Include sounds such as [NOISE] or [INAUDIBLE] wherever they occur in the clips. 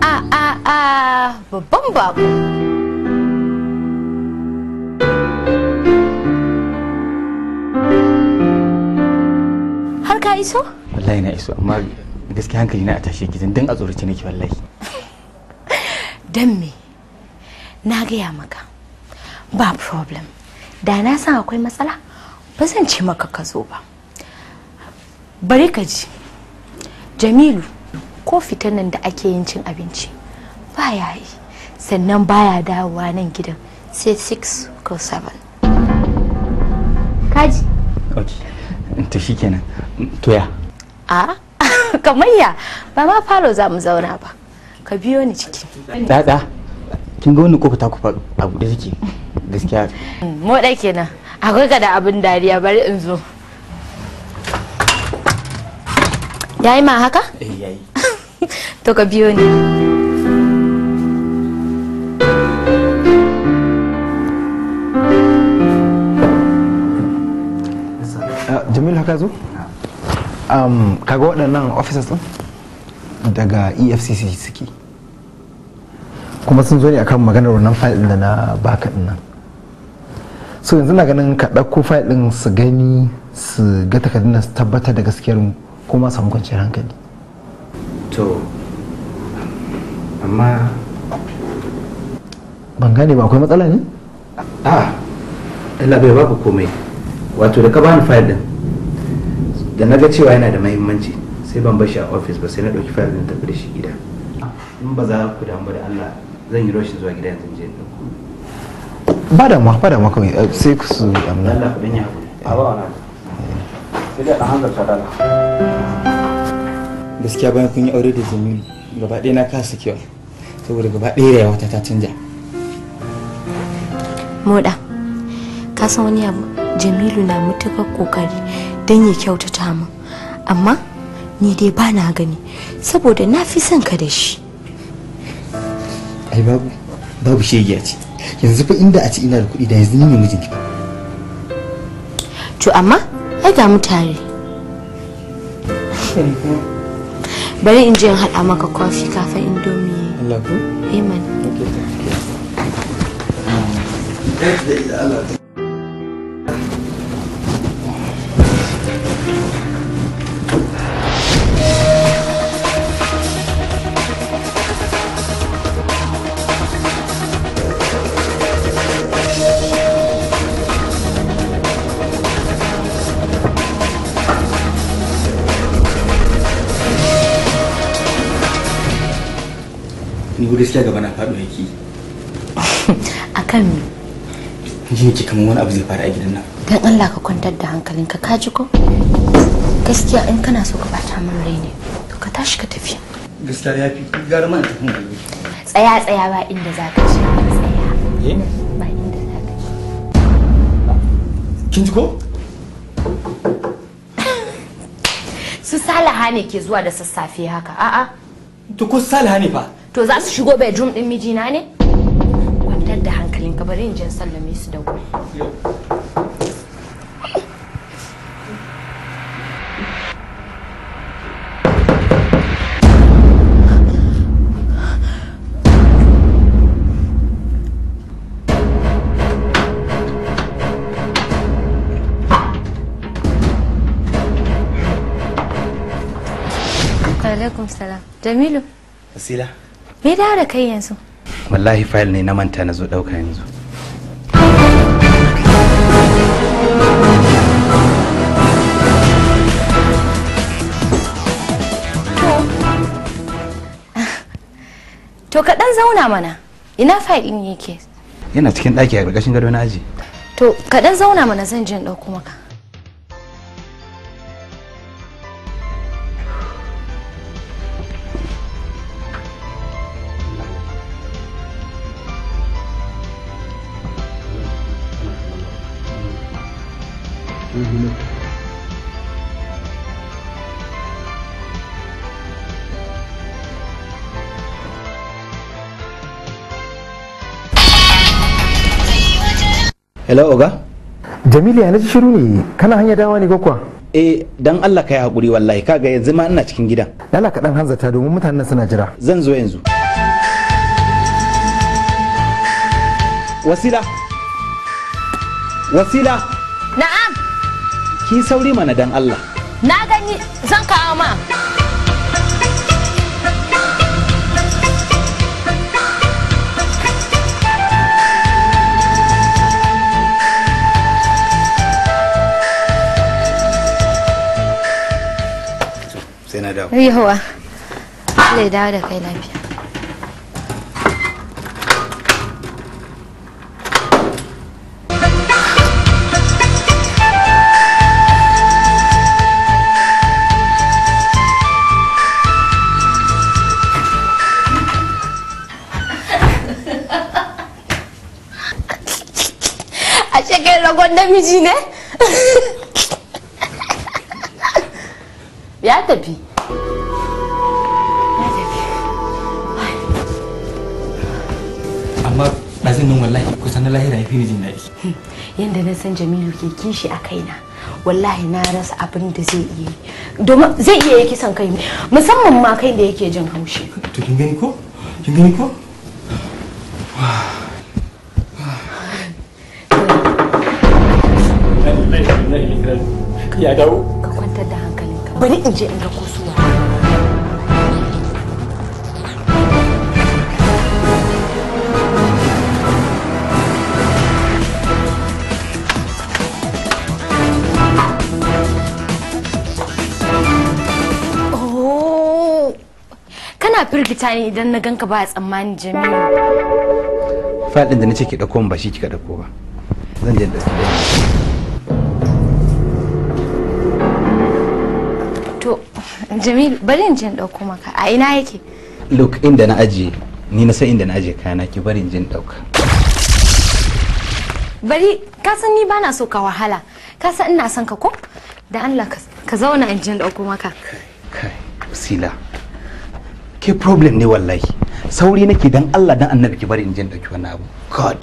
a a a babban babu har ka iso wallahi na iso amma gaske hankali na a tashe gidan don a tsorace nake wallahi [LAUGHS] don me na gaya maka ba problem da na san akwai matsala ba zan ce maka ka zo ba bari ka ji jamilu ko fitan nan da ake yin cin abinci ba ya yi sannan baya dawowa nan gidan sai 6 ko 7 kaji ta shi kenan toya a [LAUGHS] kamar ya ba ma falo za mu zauna ba ka biyo ni ciki dada kin ga wani kofa ta kufa a buɗe take gaskiya mm, mu dai kenan akwai ka da abin dariya bari in zo yayi ma haka eh yayi to ka biyo jamil haka zo um, kaga waɗannan officers ɗin daga efcc suke kuma sun zo ne akan maganar wannan fayil da na baka nan so yanzu na ganin ka ɗauko fayil ɗin su gani su ga takardun su tabbatar da gaskiyar kuma samu kwanciyar hankali to amma ban gane ba akwai matsala ne a ila bai babu komai wato da ka bani fayil din da na ga cewa yana da mahimmanci sai ban bashi a ofis ba sai na ɗauki fayil din tafi da shi gida in ba za ku damu da Allah zan yi roshin zuwa gida yanzu je da ku ba ma ba ma kawai eh, sai ku su amna Allah ku danya a ba wani sai da ɗan hanzarta dala gaskiya bayan kun yi aure da jamilu gaba ɗaya na kasa kyau saboda gaba ɗaya rayuwa ta ta canja moda ka san wani abu jamilu na mutukar kokari don ya kyautata min amma ni dai ba na gani saboda na fi son ka da shi ai babu babu shegiya ce yanzu fa inda a ci ina da kuɗi da yanzu ni ne mijinki ba to amma ai ga tare. [LAUGHS] bari in je in haɗa maka kofi kafin indomi Amen. ko gaskiya gaba na faɗo yake [LAUGHS] kan me ji nake kamar wani abu zai fara a gidan nan dan Allah ka kwantar da hankalinka ka ji ko gaskiya in kana so ka bata min rai ne to ka tashi ka tafi gaskiya ya fi gara ma tafi tsaya tsaya ba inda za ka je tsaya eh? ba inda za ka ci. kin ji ko [LAUGHS] su salaha ne ke zuwa da sassafe haka a'a to ko salaha ne fa to za su shigo bedroom din mijina ne kwantar da hankalinka bari in je sallame su da wuri السلام جميلة وسيلة me da da kai yanzu wallahi fayil ne na manta na zo dauka yanzu to ka dan zauna mana ina fayil din yake yana cikin daki a ƙarƙashin gado na aji to ka dan zauna mana zan je in dauko maka gwamnati Hello Oga? Jamilu ya ji shiru ne kana hanya dawa ne kuwa? Eh dan Allah ka yi hakuri wallahi kaga yanzu ma ina cikin gidan. Lala ka dan hanzarta domin mutanen suna jira. Zan zo yanzu. Wasila. Wasila. Na'am. ki sauri mana dan Allah na gani zan kawo ma sai na dawo yawa Allah ya dawo da kai lafiya miji ne ya tafi amma ɗazin nan wallahi kusan na lahira ya fi mijin daɗi yadda na san jamilu ke kishi a kaina wallahi na rasa abin da zai iya yi domin zai iya yi kisan kai musamman ma kai da yake jin haushi to kin gani ko kin gani ko ya dawo ka kwantar da hankalinka bari in je in ga kosuwa oh. firgita ne idan na ganka ba a tsammani jamilu faɗin da na ce ki ɗauko ba shi kika ɗauko ba zan je ɗauki Jamil bari in jin dauko maka a ina yake Look inda na aje ni na san inda na aje kayana ki bari in jin dauka Bari ka san ni bana so ka wahala ka san ina son ka ko da Allah ka zauna in jin dauko maka kai wasila ke problem ne wallahi sauri nake dan Allah dan annabi ki bari in jin dauki wannan abu god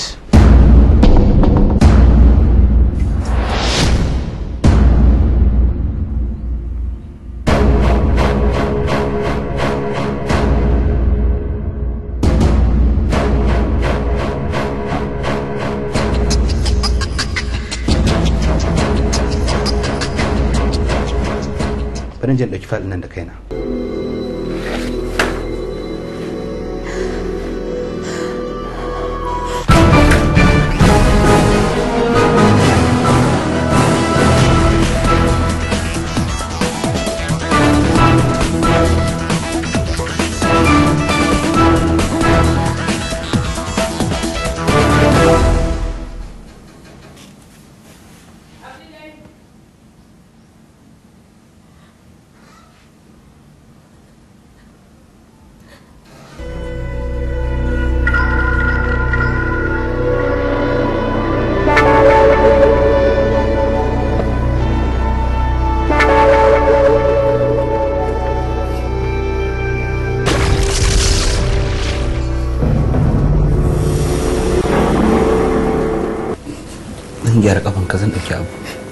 bari jin je ɗauki fadin nan da kaina. gyara kafan ka zan ɗauki abu